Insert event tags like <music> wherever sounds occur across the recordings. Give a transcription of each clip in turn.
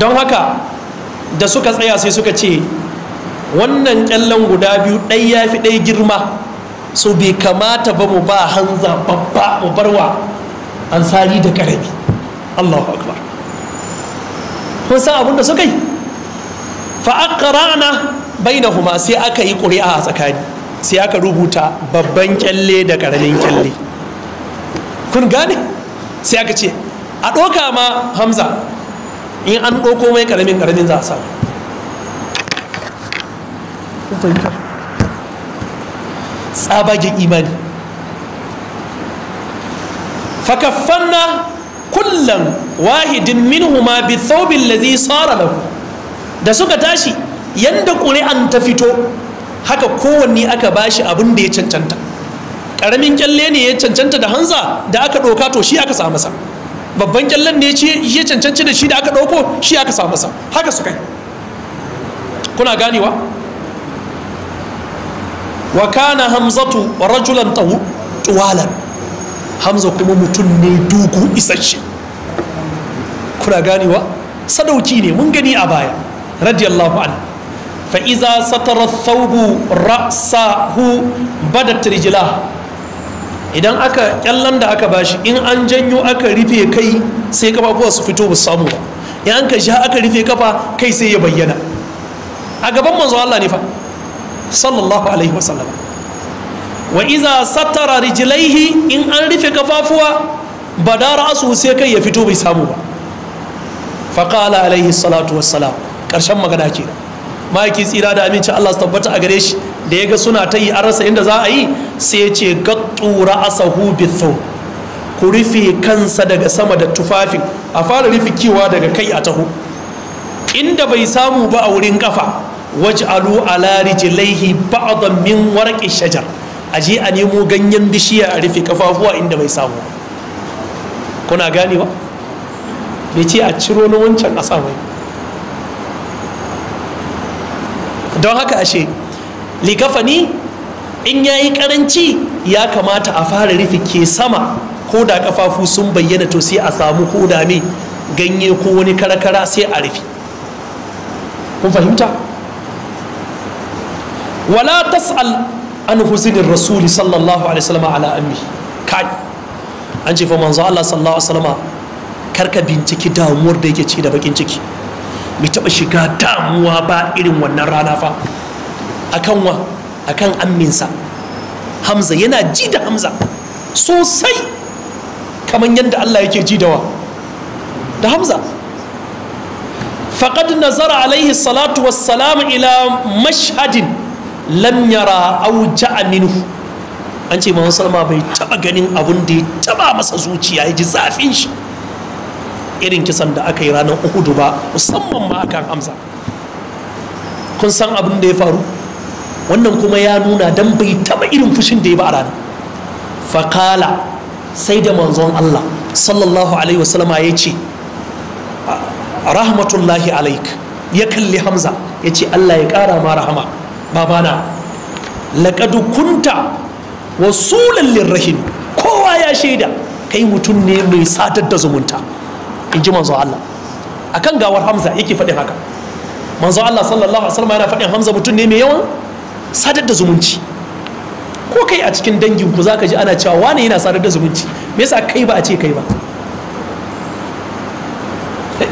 don haka da suka tsaya sai suka ce wannan kyallon guda biyu ɗai ya fi ɗai girma su bai kamata ba mu ba hanza babba mu barwa ansari da karami allahu akbar kun san abin da suka yi na kuma sai aka yi ƙuri'a a tsakani sai aka rubuta babban kyalle da ƙaramin kyalle kun gane sai aka ce a ɗoka ma hamza in an ɗauko mai ƙaramin ƙaramin za a sa tsabagen imani fakaffanna kullum wahidin minhuma bi thawbin ladhi lahu da suka tashi yanda ƙuri'an ta fito haka kowanne aka bashi abin da ya cancanta ƙaramin kyalle ne ya cancanta da hanza da aka ɗoka to shi aka samu sa. babban kyallan ne ya cancanci da shi da aka ɗauko shi aka samu sa haka su kai kuna ganewa wa kana hamzatu rajulan tuwalan hamza kuma mutum ne dugu isasshe kuna ganewa sadauki ne mun gani a baya radiyallahu an fa iza satara thawbu ra'sahu badat rijlah idan aka kyallan da aka bashi in an janyo aka rufe kai sai kafafuwa su fito ba samu ba in an ka sha aka rufe kafa kai sai ya bayyana a gaban manzo Allah ne fa sallallahu alaihi wa sallam. wa iza satara rijlaihi in an rufe kafafuwa ba badara asu sai kai ya fito bai samu ba faqala alaihi salatu wassalam karshen magana kenan ma'aiki tsira da aminci Allah su tabbata a gare shi da ya ga suna ta yi an rasa inda za a yi sai ce gattura asahu bithau ku rufe kansa daga sama da tufafi. a fara rufe kewa daga kai a taho inda bai samu ba a wurin kafa Waje ji ala ba a domin warƙi shajar aje a nemo ganyen bishiya a rufe kafafuwa inda bai samu kuna gane ba ce a ciro na wancan a mai. don haka ashe likafani in ya yi karanci ya kamata a fara rufe ke sama ko da kafafu sun bayyana to sai a samu ko da me ganye ko wani karakara sai a rufe kun fahimta wala tas'al an husinin rasuli sallallahu alaihi wasallam ala ammi kai an ce fa manzo Allah sallallahu alaihi wasallam karka binciki damuwar da yake ci da bakin ciki mu taba shiga damuwa ba irin wannan rana fa akan wa akan amminsa hamza yana ji da hamza sosai kamar yadda allah yake ji da wa da hamza faqad nazara alaihi salatu wassalam ila mashhadin lam yara auja aminu. an ce mawan bai taba ganin abun da ya taba masa zuciya ya ji zafin shi irin kisan da aka yi ranar uhudu ba musamman ma akan hamza kun san abin da ya faru wannan kuma ya nuna dan bai taba irin fushin da ya ba a ranar faƙala sai da manzon Allah sallallahu alaihi wasallama ya ce rahmatullahi alaik ya kalli hamza ya ce Allah ya ƙara ma rahama babana lakadukunta kunta sulallin rahim kowa ya shaida kai mutum ne mai sadar da zumunta in ji manzon Allah kan gawar hamza yake faɗin haka manzon Allah sallallahu alaihi wasallama yana faɗin hamza mutum ne mai yawan sadar da zumunci ko kai a cikin danginku za ka ji ana cewa wane yana sadar da zumunci me yasa kai ba a ce kai ba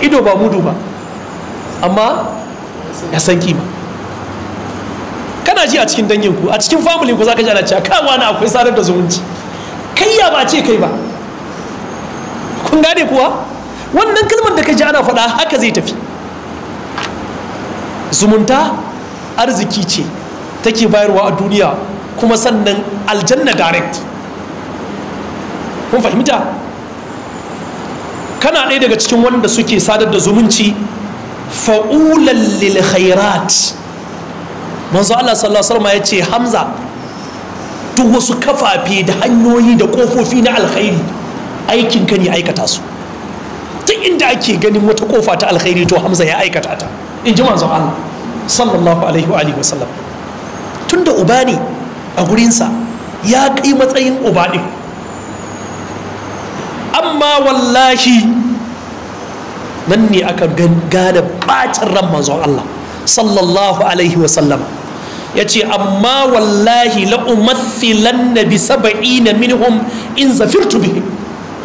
ido ba mudu ba amma ya san kima kana ji a cikin danginku a cikin familinku za ka ji ana cewa kan wane akwai sadar da zumunci kai ya ba a ce kai ba kun gane kuwa wannan kalmar da ka ji ana faɗa haka zai tafi zumunta arziki ce take bayarwa a duniya kuma sannan aljanna direct kun fahimta kana ɗaya daga cikin wanda suke sadar da zumunci fa'ulan lil khairat manzo Allah sallallahu alaihi ya ce Hamza duk wasu kafafe da hanyoyi da kofofi na alkhairi aikin ka ne aikata su ta inda ake ganin wata kofa ta alkhairi to Hamza ya aikata ta in ji manzo Allah sallallahu alaihi wa alihi wasallam tun da uba ne a gurinsa ya kai matsayin uba ɗin amma wallahi nan ne aka gane bacin ran manzon Allah sallallahu alaihi wasallam ya ce amma wallahi la'umathilan na bi saba'ina minhum in zafirtu bihim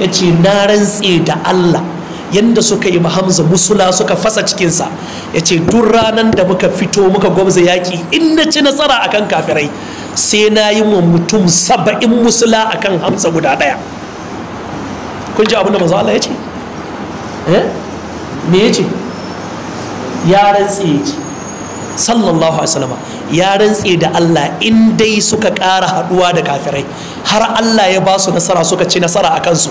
ya ce na rantse da Allah yanda suka yi hamza musula suka fasa cikinsa ya ce duk ranar da muka fito muka gwamza yaƙi in na ci nasara akan kafirai sai na yi wa mutum saba'in musula akan hamza guda ɗaya kun ji abin da Allah ya ce eh? me ya ce ya rantse ya ce sallallahu alaihi wasallam ya rantse da Allah in dai suka ƙara haɗuwa da kafirai har Allah ya ba su nasara suka ci nasara a kansu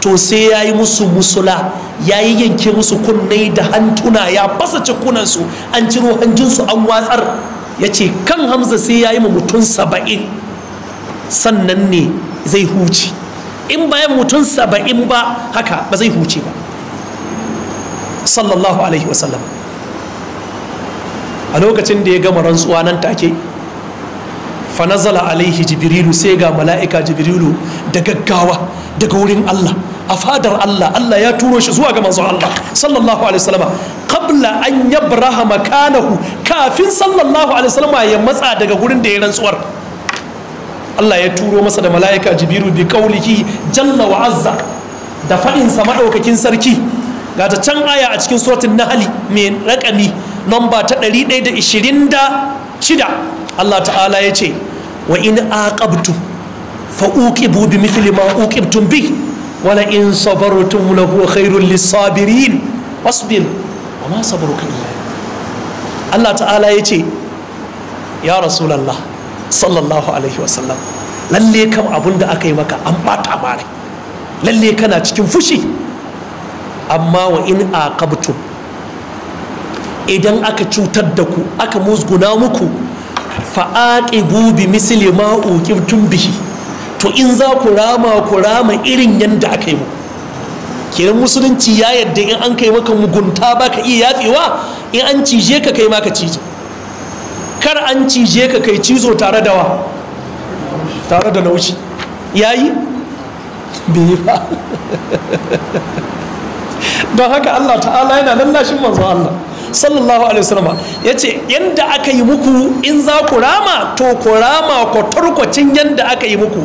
to sai ya yi musu musula ya yi yanke musu kunne da hantuna ya fasa cikunansu an ciro hanjinsu an watsar ya ce kan hamza sai ya yi mutum saba'in sannan ne zai huce in ba bayan mutum saba'in ba haka ba zai huce ba sallallahu alaihi wasallam a lokacin da ya gama rantsuwa nan take fanazala alaihi jibrilu sai ga mala'ika jibrilu da gaggawa daga wurin Allah a fadar Allah Allah ya turo shi zuwa ga manzon Allah sallallahu alaihi wasallam qabla an yabraha makanahu kafin sallallahu alaihi wasallam ya matsa daga wurin da ya rantsuwar Allah ya turo masa da mala'ika jibrilu bi qaulihi jalla wa azza da fadin sa madaukakin sarki ga ta can aya a cikin suratul nahl mai rakami namba ta 126 Allah ta'ala ya ce wa in aqabtu fa uqibu bi mithli ma uqibtum bi wa la in sabartum la huwa khairul lisabirin wasbir wa ma sabruka illa Allah ta'ala yace ya rasulullah sallallahu alaihi wa sallam, lalle kam abunda da aka yi maka an bata bare lalle kana cikin fushi amma wa in aqabtum idan aka cutar da ku aka musguna muku fa'aqibu gubi misali ma tun bihi to in za ku rama ku rama irin yadda aka yi mu kiran musulunci ya yadda in an kai maka mugunta ba ka iya yafewa in an cije ka kai maka cije kar an cije ka kai cizo tare da wa tare da naushi ya yi? ba <laughs> don haka Allah ta'ala yana lallashin manzo Allah sallallahu alaihi wasallam yace yanda aka yi muku in za ku rama to ku rama ku tarkocin yanda aka yi muku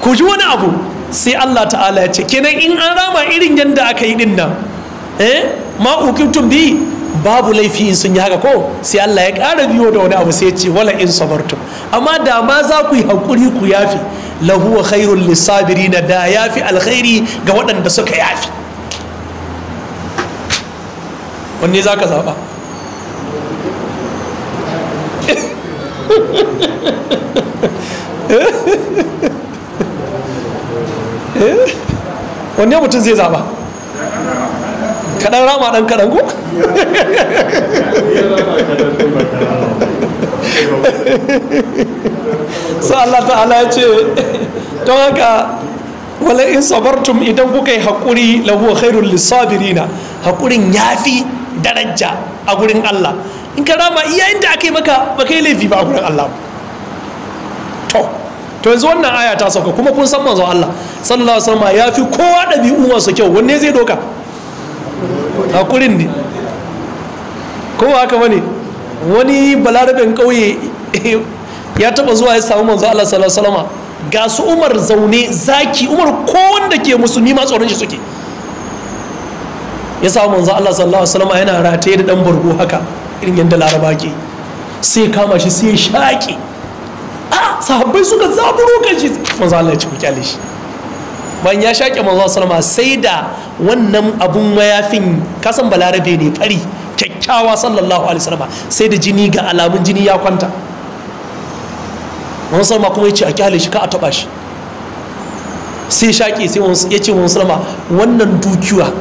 ku ji wani abu sai Allah ta'ala ya ce kenan in an rama irin yanda aka yi din nan eh ma ukitum bi babu laifi in sun yi haka ko sai Allah ya ƙara biyo da wani abu sai ya ce wala in sabartum amma da ma za ku yi hakuri ku yafi lahu khairul lisabirina da yafi alkhairi ga waɗanda suka yafi wanne za ka zaɓa wanne mutum zai zaɓa kaɗan rama ɗan kaɗan ko? sa Allah ta'ala ya ce don haka wala in sabartum idan kuka yi haƙuri lahu khairul lissabirina haƙurin yafi daraja a gurin Allah in ka rama iya inda aka yi maka ba kai laifi ba a gurin Allah to to yanzu wannan aya ta sauka kuma kun san manzo Allah sallallahu alaihi wasallam ya fi kowa dabi'u masu kyau wanne zai doka hakurin ne kowa haka bane wani balarabin ƙauye ya taba zuwa ya samu manzo Allah sallallahu alaihi wasallam ga su Umar zaune zaki Umar ko wanda ke musulmi ma tsoron shi suke ya sa manzo Allah sallallahu alaihi wasallam yana rataye da dan burgo haka irin yadda laraba ke sai kama shi sai shaki ah sahabbai suka zaburo kan shi manzo Allah ya ci kyale shi ban ya shaƙe manzo wasallam sai da wannan abun mayafin kasan balarabe ne fari kyakkyawa sallallahu alaihi wasallam sai da jini ga alamun jini ya kwanta manzo wasallam kuma ya ce a kyale shi ka a taba shi sai shaƙi sai ya ce wa Musulma wannan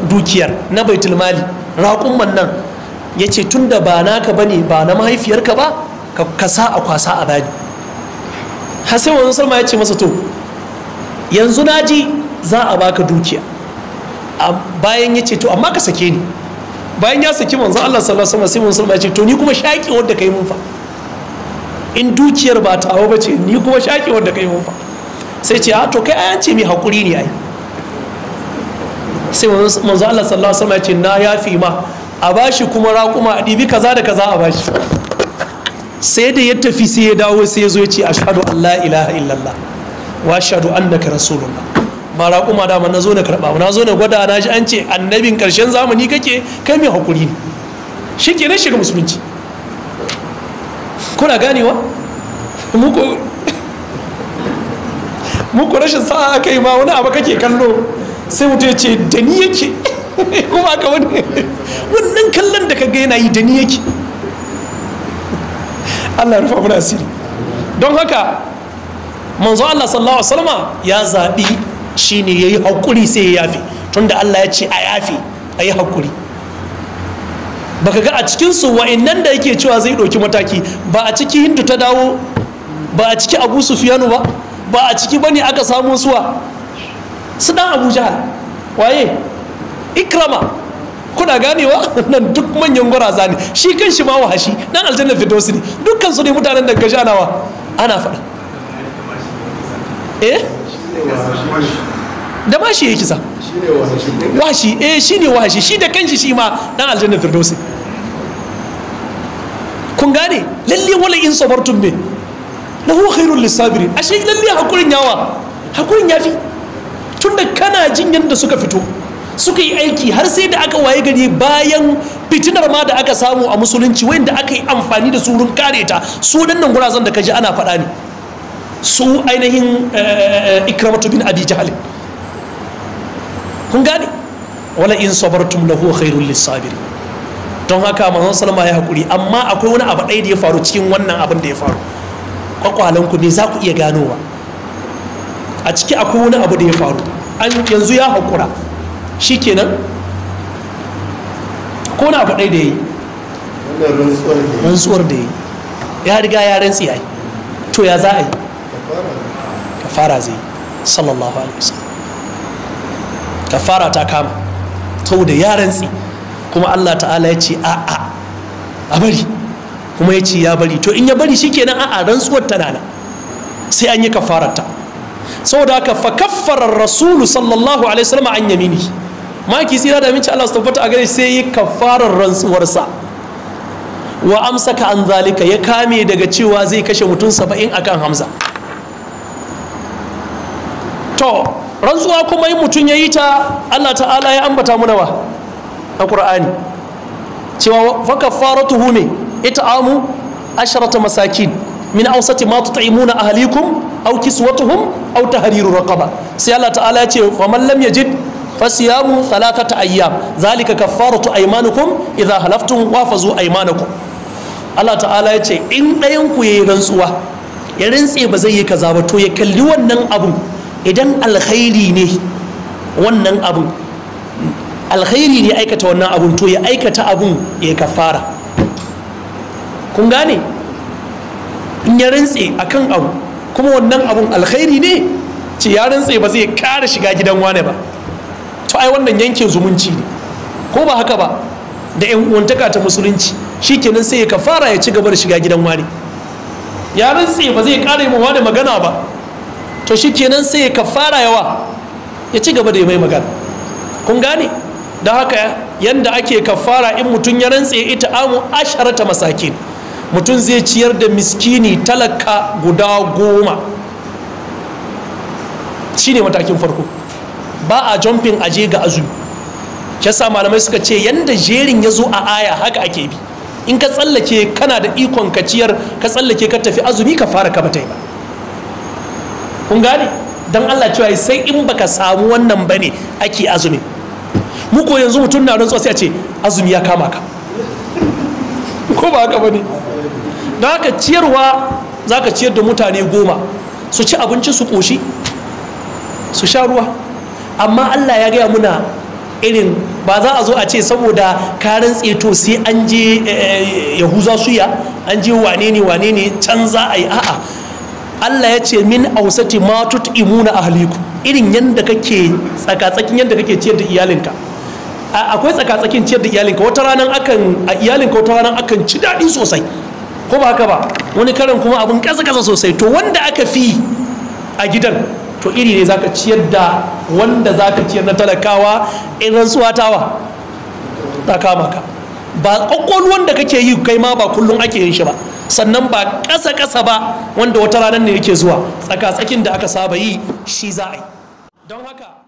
dukiyar na baitul mali raƙumman nan ya ce tun da ba naka ne ba na mahaifiyarka ba ka sa a kwasa a bani har sai wa sulama ya ce masa to yanzu na ji za a baka dukiya bayan ya ce to amma ka sake ni bayan ya saki manzo Allah sallallahu alaihi wasallam sai Musulma ya ce to ni kuma shaƙi wanda kai mun fa in dukiyar ba ta ba bace ni kuma shaƙi wanda kai mun fa sai ce a ah, to kai ayan ce mai haƙuri ne ai sai manzo Allah sallallahu alaihi wasallam ya ce na yafi ma a bashi kuma raƙuma a ɗibi kaza da kaza a bashi sai da ya tafi sai ya dawo sai ya zo ya ce ashhadu an la ilaha illallah wa ashhadu annaka rasulullah ma raƙuma da na zo na karɓa na zo na gwada na ji an ce annabin ƙarshen zamani kake kai mai haƙuri ne shi ke shiga musulunci kuna ganewa mu muku rashin sa'a aka yi ma wani abu kake kallo sai mutum ya ce da ni yake <laughs> kuma aka wani wannan kallon da kaga yana yi da ni yake Allah ya rufa mana asiri don haka manzo Allah sallallahu alaihi wasallam ya zabi shine yayi hakuri sai ya yafe tunda Allah ya ce a yafe ayi hakuri baka ga a cikin su wa'annan da yake cewa zai ɗauki mataki ba a ciki hindu ta dawo ba a ciki abu sufiyanu ba ba a ciki bane aka samu suwa su dan abu jahal waye ikrama kuna ganewa <laughs> nan duk manyan gwaraza ne shi kan shi ma wahashi dan aljanna firdausi ne dukkan su ne mutanen da gashi ana wa ana faɗa eh da ma shi ya kisa wahashi eh shi ne wahashi shi da kanshi shi ma dan aljanna firdausi kun gane lalle wala in sabartum me na huwa khairul lisabiri ashe lalle hakurin yawa hakurin yafi tunda kana jin yadda suka fito suka yi aiki har sai da aka waye gari bayan fitinar ma da aka samu a musulunci wanda aka yi amfani da su wurin kare ta su nan gurazan da kaji ana faɗa ne su ainihin eh, eh, eh, ikramatu bin abi jahal kun gane wala in sabartum lahu khairul lisabiri don haka manzon sallama ya hakuri amma akwai wani abu ɗaya da ya faru cikin wannan abin da ya faru kwakwalanku ne za ku iya ganowa a ciki akwai wani abu da ya faru an yanzu ya haƙura shi kenan ko na abu ɗai da ya yi rantsuwar da ya yi ya riga ya rantsi ya yi to ya za a yi kafara zai yi sallallahu alaihi kafara ta kama saboda ya rantsi kuma allah ta'ala ya ce a'a a bari kuma ya ce ya bari to in ya bari shikenan a'a rantsuwar tana nan sai an yi kafararta saboda haka fa kaffara rasulu sallallahu alaihi wasallam an yamini maki tsira da minci Allah subhanahu tabbata a gare sai yi kafarar rantsuwarsa wa amsaka an zalika ya kame daga cewa zai kashe mutum 70 akan hamza to rantsuwa kuma in mutum yayi ta Allah ta'ala ya ambata munawa a qur'ani cewa fa kafaratuhu ne it'amu asharata masakin min awsati ma tut'imuna ahlikum aw kiswatuhum aw tahriru raqaba sai Allah ta'ala ya ce faman lam yajid fasiyamu thalathata ayyam zalika kaffaratu aymanukum idha halaftum wafazu aymanakum Allah ta'ala ya ce in ɗayan ku yayi rantsuwa ya rantse ba zai yi kaza ba to ya kalli wannan abun idan alkhairi ne wannan abun alkhairi ne aikata wannan abun to ya aikata abun ya kafara kun gane in ya rantse kan abu kuma wannan abun alkhairi ne ce ya rantse ba zai kara shiga gidan wane ba to ai wannan yanke zumunci ne ko ba haka ba da yan uwantaka ta musulunci shikenan sai ya kafara ya ci gaba da shiga gidan wane ya rantse ba zai kara yi wane magana ba to shikenan sai ya kafara yawa ya ci gaba da yi mai magana kun gane don haka yanda ake kafara in mutum ya rantse ita amu ta masakin mutum zai ciyar da miskini talaka guda goma shine matakin farko ba a jumping aje ga azumi yasa malamai suka ce yanda jerin ya zo a aya haka ake bi in ka tsallake kana da ikon ka ciyar ka tsallake ka tafi azumi ka fara ka batai ba kun gane dan Allah cewa sai in baka samu wannan bane ake azumi mu yanzu mutum na rantsuwa sai a ce azumi ya kama ka <laughs> ko ba haka bane da haka ciyarwa za ka ciyar da mutane goma su ci abinci su ƙoshi su sha ruwa amma allah ya gaya muna irin ba za a zo a ce saboda karin tseto sai an je eh, eh, yahuza suya an je wane ne wane ne can za a yi a'a allah ya ce min ausati matut imuna haliku. irin yadda kake tsakatsakin yadda kake ciyar da iyalinka akwai tsakatsakin ciyar da iyalinka wata ranar akan a iyalinka wata ranar akan ci daɗi sosai ko ba haka ba wani karin kuma abun kasa kasa sosai to wanda aka fi a gidan to iri ne zaka ciyar da wanda zaka ciyar na talakawa in rantsuwa tawa ta kama ka ba kokon da kake yi kai ma ba kullum ake yin shi ba sannan ba kasa kasa ba wanda wata ranar ne yake zuwa tsaka tsakin da aka saba yi shi za a yi don haka